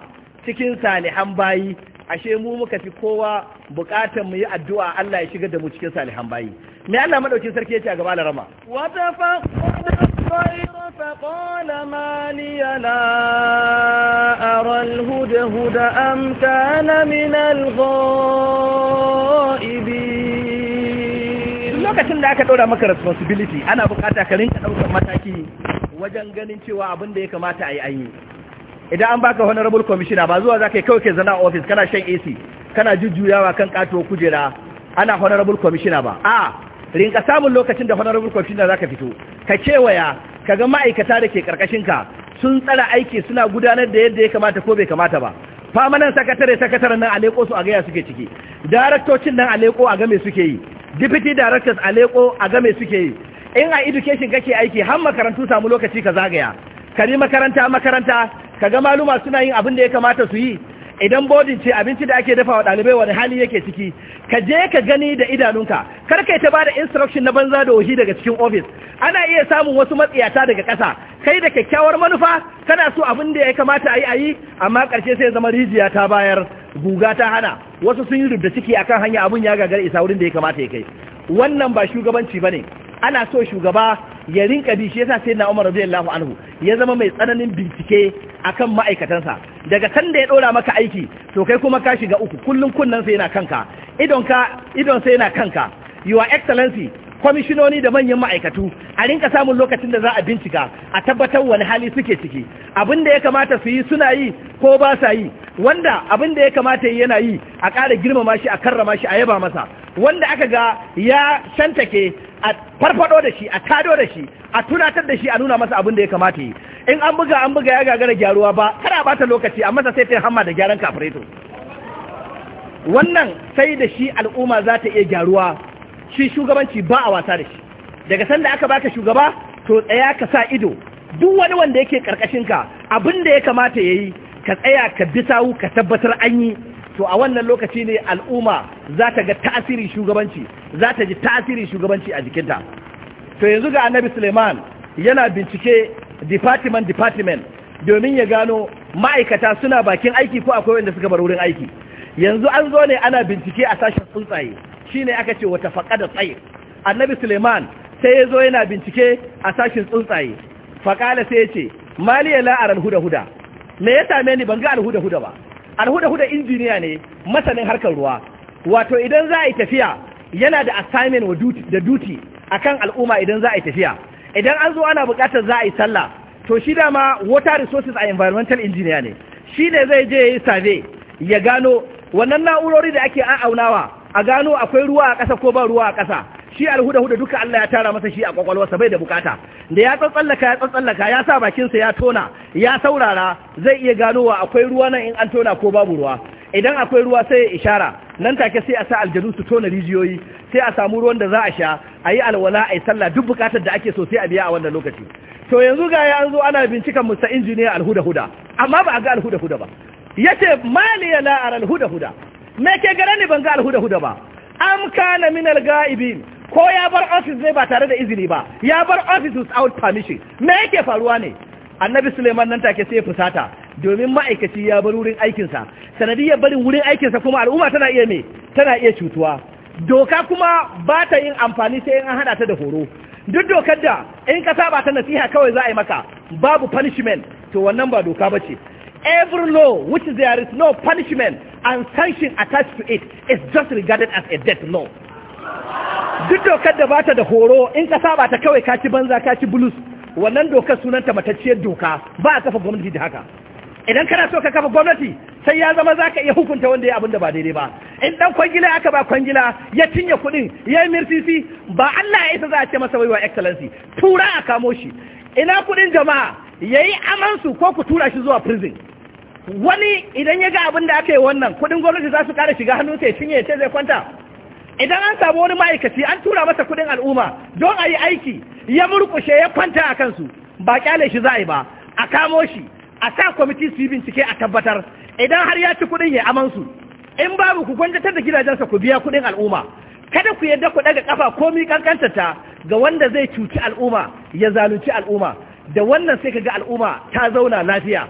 cikin salihan bayi ashe mu muka fi kowa buƙatar mu yi addu'a Allah ya shigar da mu cikin salihan bayi me Allah madaukin sarki yace a gaba larama wa ma li la ara al huda huda am kana min al ghaibi lokacin da aka ɗora maka responsibility ana bukata ka rinka ɗaukar mataki wajen ganin cewa abin da ya kamata a yi an yi idan an baka honorable commissioner ba zuwa za ka yi kawai ke zana a ofis kana shan ac kana jujjuyawa kan kato kujera ana honorable commissioner ba a rinka samun lokacin da honorable commissioner za ka fito ka kewaya ka ga ma'aikata da ke ka sun tsara aiki suna gudanar da yadda ya kamata ko bai kamata ba famanan sakatare sakataren nan a leko su a gaya suke ciki daraktocin nan a leko a game suke yi deputy directors a leko a game suke yi in a education kake aiki har makarantu samu lokaci ka zagaya ka makaranta makaranta ka ga maluma suna yin abin da ya kamata su yi idan bodin ce abinci da ake dafa wa ɗalibai wani hali yake ciki ka je ka gani da idanunka kar kai ta bada instruction na banza da wahi daga cikin office ana iya samun wasu matsiyata daga ƙasa kai da kyakkyawar manufa kana so abin da ya kamata a yi a yi amma ƙarshe sai zama rijiya ta bayar guga ta hana wasu sun yi rubda ciki akan hanya abin ya gagar isa wurin da ya kamata ya kai wannan ba shugabanci ba ne. ana so shugaba ya rinka bi shi yasa na Umar radiyallahu anhu ya zama mai tsananin bincike akan ma'aikatansa daga kan da ya dora maka aiki to kai kuma ka shiga uku kullun kunnan sai yana kanka idon ka idon sai yana kanka your excellency kwamishinoni da manyan ma'aikatu a rinka samun lokacin da za a bincika a tabbatar wani hali suke ciki abin da ya kamata su yi suna yi ko ba sa yi wanda abin da ya kamata yi yana yi a ƙara girmama shi a karrama shi a yaba masa wanda aka ga ya shantake a farfado da shi a tado da shi a tunatar da shi a nuna masa abin da ya kamata yi in an buga an buga ya gagara gyaruwa ba kada bata lokaci amma sai ta hamma da gyaran kafireto wannan sai da shi al'umma za ta iya gyaruwa shi shugabanci ba a wasa da shi daga sanda aka baka shugaba to tsaya ka sa ido duk wani wanda yake karkashin ka abin da ya kamata yayi ka tsaya ka bi sawu ka tabbatar an yi to a wannan lokaci ne al'umma za ta ga tasiri shugabanci za ta ji tasiri shugabanci a jikinta to yanzu ga annabi suleiman yana bincike department department domin ya gano ma'aikata suna bakin aiki ko akwai wanda suka bar wurin aiki yanzu an zo ne ana bincike a sashen tsuntsaye ne aka ce wata da tsaye annabi suleiman sai ya zo yana bincike a sashen tsuntsaye faƙala sai ya ce maliya la'arar huda-huda me ya same ni ban ga alhuda-huda ba alhuda-huda injiniya ne masanin harkar ruwa wato idan za a yi tafiya yana da assignment da duty akan al'umma idan za a yi tafiya idan an zo ana buƙatar za a yi sallah to shi dama water resources a environmental engineer ne shi ne zai je ya yi survey ya gano wannan na'urori da ake an a'aunawa a gano akwai ruwa a ƙasa ko ba ruwa a ƙasa shi alhuda-huda duka Allah ya tara masa shi a kwakwalwarsa bai da bukata da ya tsatsallaka ya tsatsallaka ya sa bakinsa ya tona ya saurara zai iya ganowa akwai ruwa nan in an tona ko babu ruwa idan akwai ruwa sai ya ishara nan take sai a sa aljanu su tona rijiyoyi sai a samu ruwan da za a sha a yi alwala a yi sallah duk bukatar da ake so sai a biya a wannan lokaci to yanzu ga ya an zo ana bincikan musa injiniya alhuda-huda amma ba a ga alhuda-huda ba ya ce ya la'ar alhuda-huda me ke gare ni ban ga alhuda-huda ba am kana min al-ga'ibin ko ya bar ofis ne ba tare da izini ba ya bar ofis office without permission me yake faruwa ne annabi suleiman nan take sai fusata domin ma'aikaci ya bar wurin aikinsa sanadiyyar barin wurin aikinsa kuma al'umma tana iya me tana iya cutuwa doka kuma ba ta yin amfani sai an hada ta da horo duk dokar da in ka saba ta nasiha kawai za a yi maka babu punishment to wannan ba doka ba ce every law which there is no punishment and sanction attached to it is just regarded as a death law duk dokar da bata da horo in kasa ba ta kawai kaci banza kaci bulus wannan dokar sunanta matacciyar doka ba a kafa gwamnati da haka idan kana so ka kafa gwamnati sai ya zama za ka iya hukunta wanda ya abin da ba daidai ba in ɗan kwangila aka ba kwangila ya cinye kuɗin ya yi mirsisi ba Allah ya isa za a ce masa waiwa excellency tura a kamo shi ina kuɗin jama'a ya yi amansu ko ku tura shi zuwa prison wani idan ya ga abin da aka yi wannan kuɗin gwamnati za su ƙara shiga hannunsa ya cinye ya ce zai kwanta idan an samu wani ma'aikaci an tura masa kudin al'umma don a yi aiki ya murkushe ya kwanta a kansu ba kyale shi za a yi ba a kamo shi a sa kwamiti su yi bincike a tabbatar idan har ya ci kudin ya amansu in babu ku gwanjatar da gidajensa ku biya kudin al'umma kada ku yadda ku daga kafa komi kankantata ga wanda zai cuci al'umma ya zalunci al'umma da wannan sai ka ga al'umma ta zauna lafiya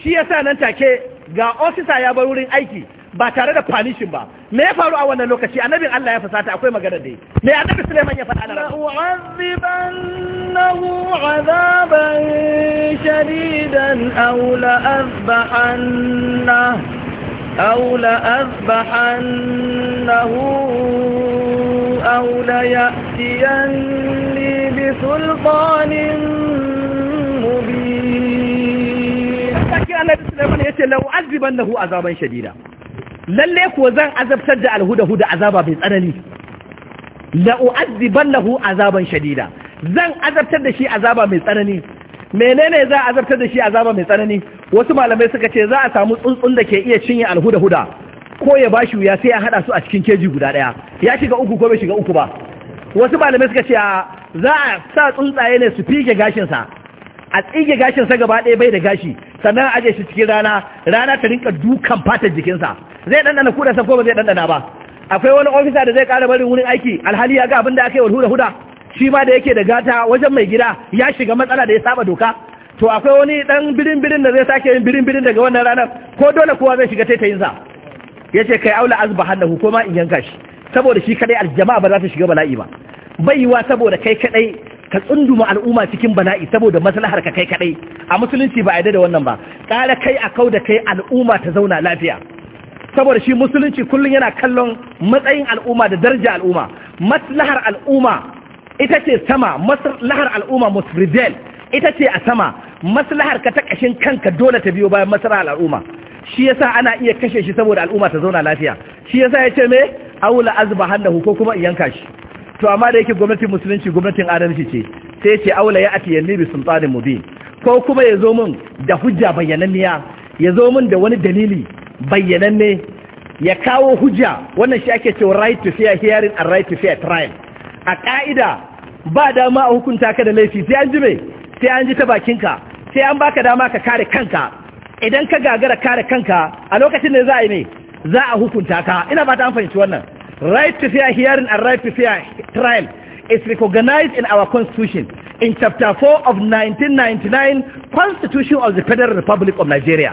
shi yasa nan take ga ofisa ya bar wurin aiki ba tare da permission ba me ya faru a wannan lokaci annabin Allah ya fasata akwai magana dai me annabi Sulaiman ya faɗa da rabu u'azzibannahu 'adaban shadidan aw la azbahanna aw la azbahannahu aw la ya'tiyanni bi sultanin mubin Saki Allah Sulaiman yace la u'azzibannahu 'adaban shadidan lalle kuwa zan azabtar da alhudahu da azaba mai tsanani la'u'azziban lahu azaban shadida zan azabtar da shi azaba mai tsanani menene za azabtar da shi azaba mai tsanani wasu malamai suka ce za a samu tsuntsun da ke iya cinye alhuda huda? ko ya bashi wuya sai ya hada su a cikin keji guda daya ya shiga uku ko bai shiga uku ba wasu malamai suka ce za a sa tsuntsaye ne su fike gashinsa a tsige sa gaba ɗaya bai da gashi sannan aje shi cikin rana rana ta rinka dukan fatar jikinsa zai ɗanɗana sa ko ba zai ɗanɗana ba akwai wani ofisa da zai ƙara barin wurin aiki alhali ya ga abin da aka yi wa huda shi ma da yake da gata wajen mai gida ya shiga matsala da ya saba doka to akwai wani dan birin birin da zai sake yin birin birin daga wannan ranar ko dole kowa zai shiga tayin ya ce kai aula azba hannahu ko ma in yanka shi saboda shi kadai aljama'a ba za ta shiga bala'i ba bai yiwa saboda kai kadai ka tsunduma al'umma cikin bala'i saboda maslahar ka kai kadai a musulunci ba a yadda da wannan ba kare kai a kau da kai al'umma ta zauna lafiya saboda shi musulunci kullun yana kallon matsayin al'umma da daraja al'umma maslahar al'umma ita ce sama maslahar al'umma musridel ita ce a sama maslahar ka ta kashin kanka dole ta biyo bayan maslahar al'umma shi yasa ana iya kashe shi saboda al'umma ta zauna lafiya shi yasa ya ce me aula azbahannahu ko kuma in yanka shi to amma da yake gwamnatin musulunci gwamnatin adalci ce sai ce aula ya ati yanni bi tsarin mubi ko kuma ya zo min da hujja bayyananniya ya zo min da wani dalili bayyananne ya kawo hujja wannan shi ake cewa right to fair hearing and right to fair trial a ka'ida ba dama a hukunta ka da laifi sai an ji mai sai an ji ta bakinka sai an baka dama ka kare kanka idan ka gagara kare kanka a lokacin da za a yi ne za a hukunta ka ina ba ta an fahimci wannan right to fair hearing and right to fair trial is recognized in our constitution in chapter 4 of 1999 constitution of the federal republic of nigeria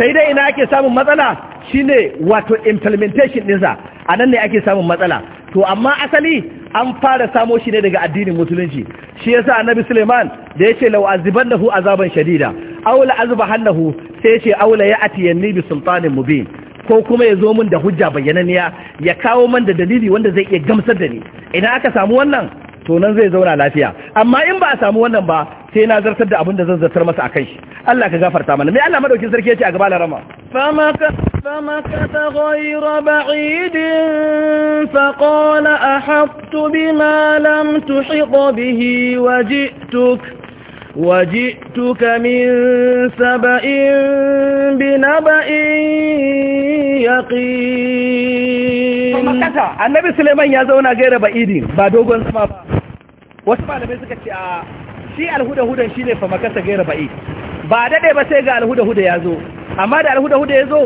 sai dai ina ake samun matsala shine wato implementation ɗinsa a nan ne ake samun matsala to amma asali an fara samo shi ne daga addinin musulunci shi yasa annabi suleiman da yace law azibannahu azaban shadida aw la azbahannahu sai yace aw la ya'ti yanni bi sultanin mubin ko kuma ya zo min da hujja bayyananiya ya kawo man da dalili wanda zai iya gamsar da ni idan aka samu wannan to nan zai zauna lafiya amma in ba a samu wannan ba sai na zartar da abin da zan zartar masa akai shi Allah ka gafarta mana mai Allah madaukin sarki yace a gaba la rama ka famaka ghayra ba'id fa qala bima lam bihi wa وجئتك من سبأ بنبأ يقين annabi suleiman ya zauna gaira ba'idin ba dogon ba wasu malamai suka ce a shi alhuda-hudan shi ne famakasa gaira ba'i ba daɗe ba sai ga alhuda-huda ya zo amma da alhuda-huda ya zo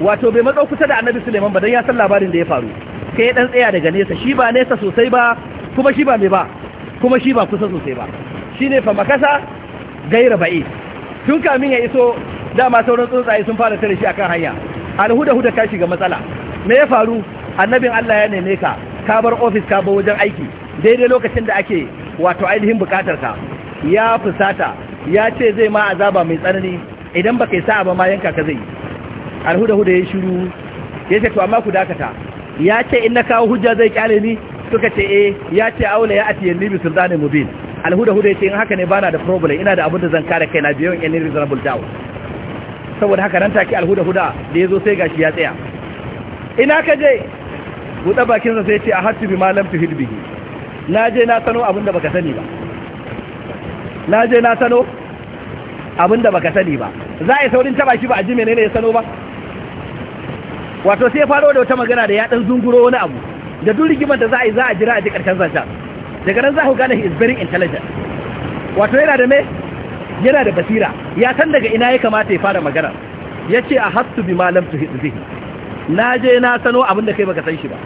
wato bai matsau kusa da annabi suleiman ba don ya san labarin da ya faru sai ɗan tsaya daga nesa shi ba nesa sosai ba kuma shi ba mai ba kuma shi ba kusa sosai ba Shi fa makasa gaira ba'i tun kamin ya iso dama sauran tsuntsaye sun fara tare shi a kan hanya alhuda huda ka shiga matsala me ya faru annabin Allah ya neme ka ka bar ofis ka bar wajen aiki daidai lokacin da ake wato ainihin bukatar ka ya fusata ya ce zai ma azaba mai tsanani idan baka yi sa'a ba ma yanka ka zai alhuda huda ya shiru ya ce to amma ku dakata ya ce in na kawo hujja zai kyale ni suka ce eh ya ce aula ya atiyan libi sultanin mubin alhuda huda ce in haka ne bana da problem ina da abin da zan kare kaina biyan any reasonable doubt saboda haka nan take alhuda huda da yazo sai gashi ya tsaya ina ka je buɗe bakin sa sai ce a hatu bi malam tu bihi na je na sano abin da baka sani ba na je na sano abin da baka sani ba za a yi saurin taba shi ba a ji menene ya sano ba wato sai faro da wata magana da ya dan zunguro wani abu da duk rigimar da za a yi za a jira a ji karshen zancen daga nan za ku gane is very intelligent wato yana da me yana da basira ya san daga ina ya kamata ya fara magana ya ce a hastu bi malam tu hizihi na je na sano abin da kai baka san shi ba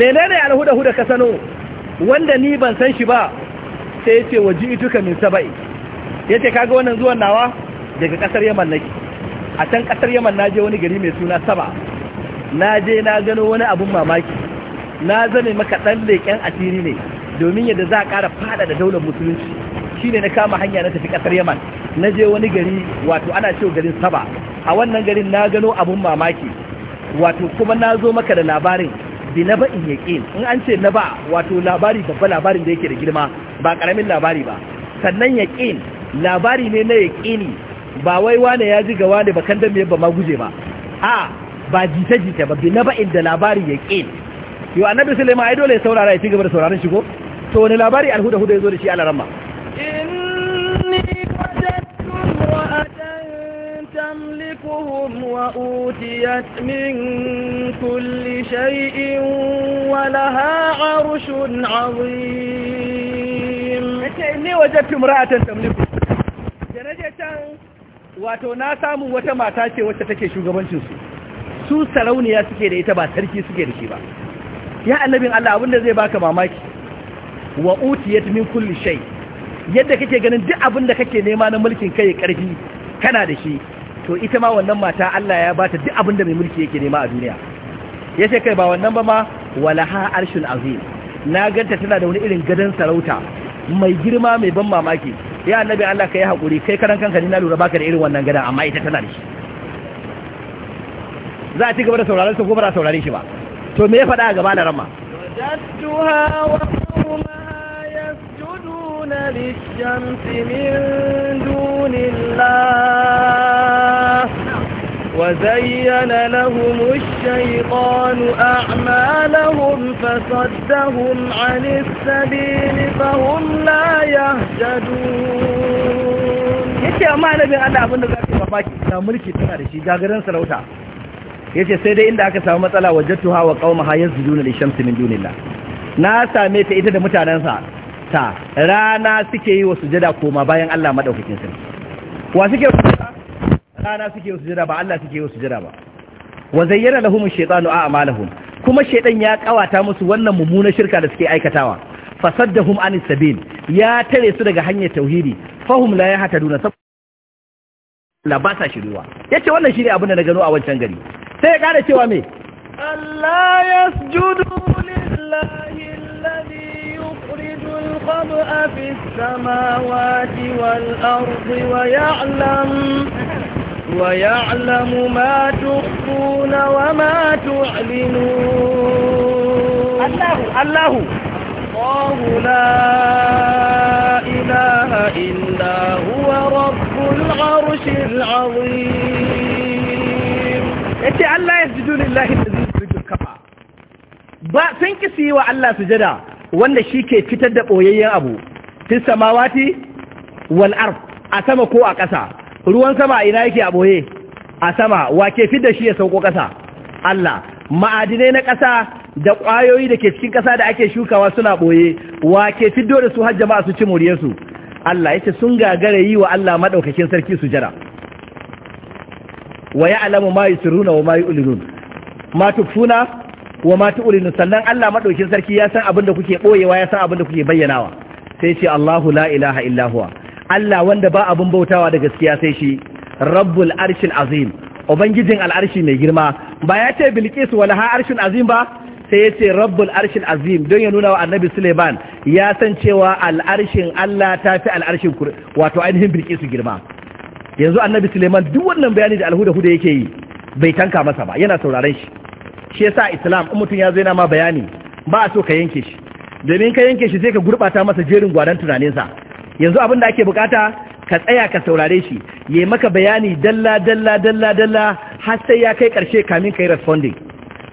menene alhuda huda ka sano wanda ni ban san shi ba sai yace ce waji ituka min saba'i ya ce kaga wannan zuwan nawa daga kasar yaman nake a can kasar yaman na je wani gari mai suna saba na je na gano wani abun mamaki na zame maka ɗan leƙen asiri ne domin yadda za a ƙara fada da daular musulunci shi ne na kama hanya na tafi ƙasar yaman na je wani gari wato ana cewa garin saba a wannan garin na gano abun mamaki wato kuma na zo maka da labarin bi na in yaƙin in an ce na ba wato labari babba labarin da yake da girma ba ƙaramin labari ba sannan yaƙin labari ne na yaƙini ba wai wane ya ji ga wane ba kan da ba ma guje ba a ba jita-jita ba bi na in da labari yaƙin yo annabi sulaiman ai dole ya saurara ya ci gaba da sauraron shi ko to wani labari alhuda huda yazo da shi alaramma inni wa ra'atan tamlikuhum wa utiyat min kulli shay'in wa laha 'arshun 'azim inni wajadtu ra'atan tamliku daraje tan wato na samu wata mata ce wacce take shugabancin su su sarauniya suke da ita ba sarki suke da shi ba ya annabin Allah abinda zai baka mamaki wa utiyat min kulli shay yadda kake ganin duk abinda kake nema na mulkin kai karfi kana da shi to ita ma wannan mata Allah ya bata duk da mai mulki yake nema a duniya yace kai ba wannan ba ma walaha arshul azim na ganta tana da wani irin gadon sarauta mai girma mai ban mamaki ya annabi Allah kai hakuri kai karan kanka ni na lura baka da irin wannan gadan amma ita tana da shi za a ci gaba da sauraron su ko ba saurare shi ba to me ya faɗa a gaba da rama وزين لهم الشيطان أعمالهم فصدهم عن السبيل فهم لا yace amma nabin Allah abin da zaka mulki tana da shi gagarin sarauta yace sai dai inda aka samu matsala ha wa qaumaha yazduna li shamsi min dunillah na same ta ita da sa ta rana suke yi wa sujada koma bayan Allah madaukakin sa wa suke rana suke yi sujada ba Allah suke yi sujada ba wa zayyana lahum ash-shaytanu a'malahum kuma shaytan ya kawata musu wannan mummunar shirka da suke aikatawa fasaddahum anis sabil ya tare su daga hanyar tauhidi fahum la yahtaduna la ba sa shiruwa yace wannan shine abin da na gano a wancan gari sai ya kare الا mai لله الذي يخرج القبأ في السماوات والأرض ويعلم ويعلم ما تخفون وما تعلنون الله الله الله لا إله إلا هو رب العرش العظيم yace Allah yasjudu lillahi allazi yusrijul kafa ba sun ki su yi wa Allah sujada wanda shi ke fitar da boyayyen abu fi samawati wal ard a sama ko a ƙasa ruwan sama ina yake a boye a sama wa ke fitar da shi ya sauko ƙasa Allah ma'adinai na ƙasa da ƙwayoyi da ke cikin ƙasa da ake shukawa suna ɓoye wa ke fi da su har jama'a su ci moriyarsu Allah ya ce sun gagara yi wa Allah maɗaukakin sarki sujada wa ya alamu ma suruna wa ma yu'linun ma tufuna wa ma sannan Allah madaukin sarki ya san abin da kuke boyewa ya san abin da kuke bayyanawa sai ce Allahu la ilaha illa huwa Allah wanda ba abin bautawa da gaskiya sai shi rabbul arshil azim ubangijin al'arshi mai girma ba ya ce bilqis wala ha arshin azim ba sai ya ce rabbul arshil azim don ya nuna wa annabi suleiman ya san cewa al'arshin Allah ta fi al'arshin wato ainihin bilqis girma yanzu annabi suleiman duk wannan bayani da alhuda huda yake yi bai tanka masa ba yana sauraren shi shi yasa islam in mutum ya zo yana ma bayani ba a so ka yanke shi domin ka yanke shi sai ka gurɓata masa jerin gwaran tunaninsa yanzu abin da ake bukata ka tsaya ka saurare shi ya maka bayani dalla dalla dalla dalla har sai ya kai karshe kamin ka yi responding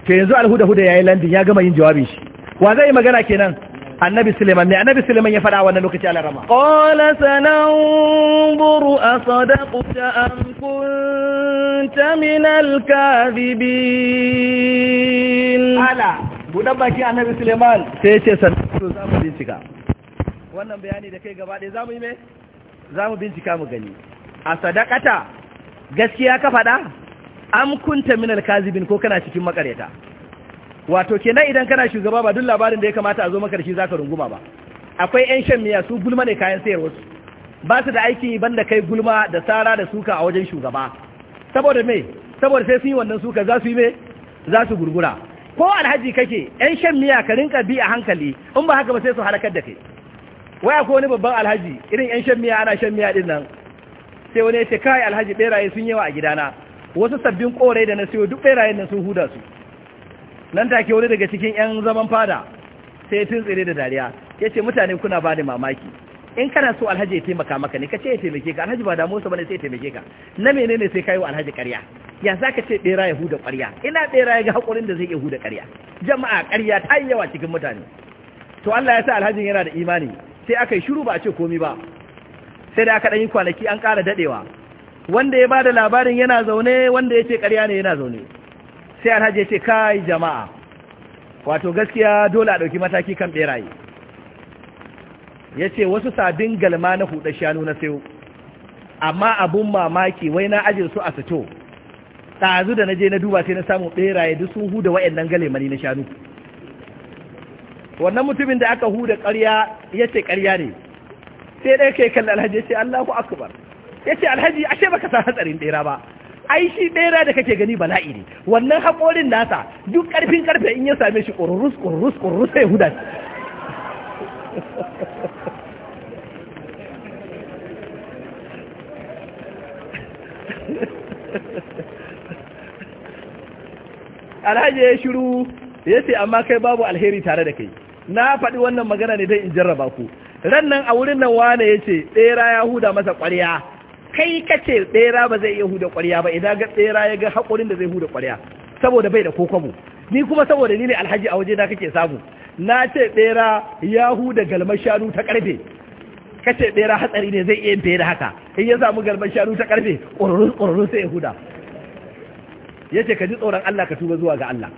to yanzu alhuda huda ya yi landin ya gama yin jawabin shi wa zai magana kenan annabi suleiman ne annabi suleiman ya fada wannan lokaci a larama ƙola sananburu a sadakuta an kunta minal kadibin ala budan baki annabi suleiman sai ce sananburu za mu bincika wannan bayani da kai gaba za mu yi mai za mu bincika mu gani a sadakata gaskiya ka faɗa an kunta minal kadibin ko kana cikin makareta wato kenan idan kana shugaba ba duk labarin da ya kamata a zo maka da shi zaka runguma ba akwai yan shan miya su gulma ne kayan sayarwa su ba su da aiki banda kai gulma da tsara da suka a wajen shugaba saboda me saboda sai su yi wannan suka za su yi me za su gurgura ko alhaji kake yan shan miya ka rinka bi a hankali in ba haka ba sai su halakar da kai waya ko wani babban alhaji irin yan shan miya ana shan miya din nan sai wani ya ce kai alhaji beraye sun yawa a gidana wasu sabbin korai da na siyo duk berayen nan sun huda su nan take wani daga cikin 'yan zaman fada sai tun tsire da dariya ya ce mutane kuna ba da mamaki in kana so alhaji ya taimaka maka ne ka ce ya taimake ka alhaji ba damu sa bane sai ya taimake ka na menene sai yi wa alhaji ƙarya ya za ka ce ɓera ya huda ƙarya ina ɓera ya ga haƙurin da zai iya huda ƙarya jama'a ƙarya ta yi yawa cikin mutane to Allah ya sa Alhaji yana da imani sai aka yi shiru ba a ce komi ba sai da aka ɗan yi kwanaki an ƙara daɗewa wanda ya ba da labarin yana zaune wanda ya ce ƙarya ne yana zaune sai alhaji ya ce kai jama'a wato gaskiya dole a ɗauki mataki kan ɓeraye ya ce wasu sabin galma na huɗa shanu na sayo amma abun mamaki wai na ajiye su a sito ɗazu da na je na duba sai na samu ɓeraye duk sun huda wa'annan galemani na shanu wannan mutumin da aka huda ƙarya ya ce ƙarya ne sai ɗaya kai kalli alhaji ya ce allahu akbar ya ce alhaji ashe baka sa hatsarin ɗera ba ai shi bera da kake gani bala'i ne wannan haƙorin nasa duk ƙarfin ƙarfe in ya same shi ƙururus ƙururus ƙururus sai huda alhaji ya shiru ya ce amma kai babu alheri tare da kai na faɗi wannan magana ne don in jarraba ku ran nan a wurin nan wane ya ce ɗera ya huda masa ƙwarya kai kace tsera ba zai iya huda ƙwarya ba idan ga tsera ya ga haƙorin da zai huda ƙwarya saboda bai da kokobo ni kuma saboda ni ne alhaji a waje na kake samu na ce tsera ya huda galmar shanu ta karfe kace tsera hatsari ne zai iya yin da haka in ya samu galmar shanu ta karfe ƙwararrun ƙwararrun sai ya huda ya ce ka ji tsoron Allah ka tuba zuwa ga Allah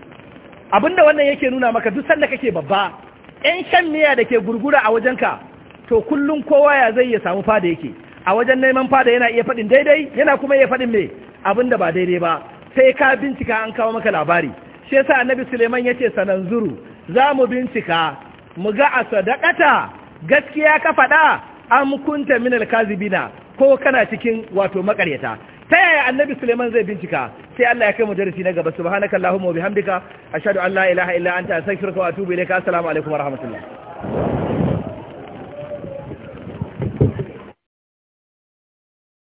abinda wannan yake nuna maka duk sanda kake babba yan shan miya da ke gurgura a wajenka to kullum kowa ya zai ya samu fada yake a wajen neman fada yana iya faɗin daidai yana kuma iya faɗin mai abin da ba daidai ba sai ka bincika an kawo maka labari shi yasa annabi suleiman ya ce sanan zuru za mu bincika mu ga a sadakata gaskiya ka faɗa an kunta min kazibina ko kana cikin wato makaryata ta yaya annabi suleiman zai bincika sai Allah ya kai mu darasi na gaba subhanaka allahumma wa bihamdika ashhadu an la ilaha illa anta astaghfiruka wa atubu ilayka assalamu alaikum wa rahmatullah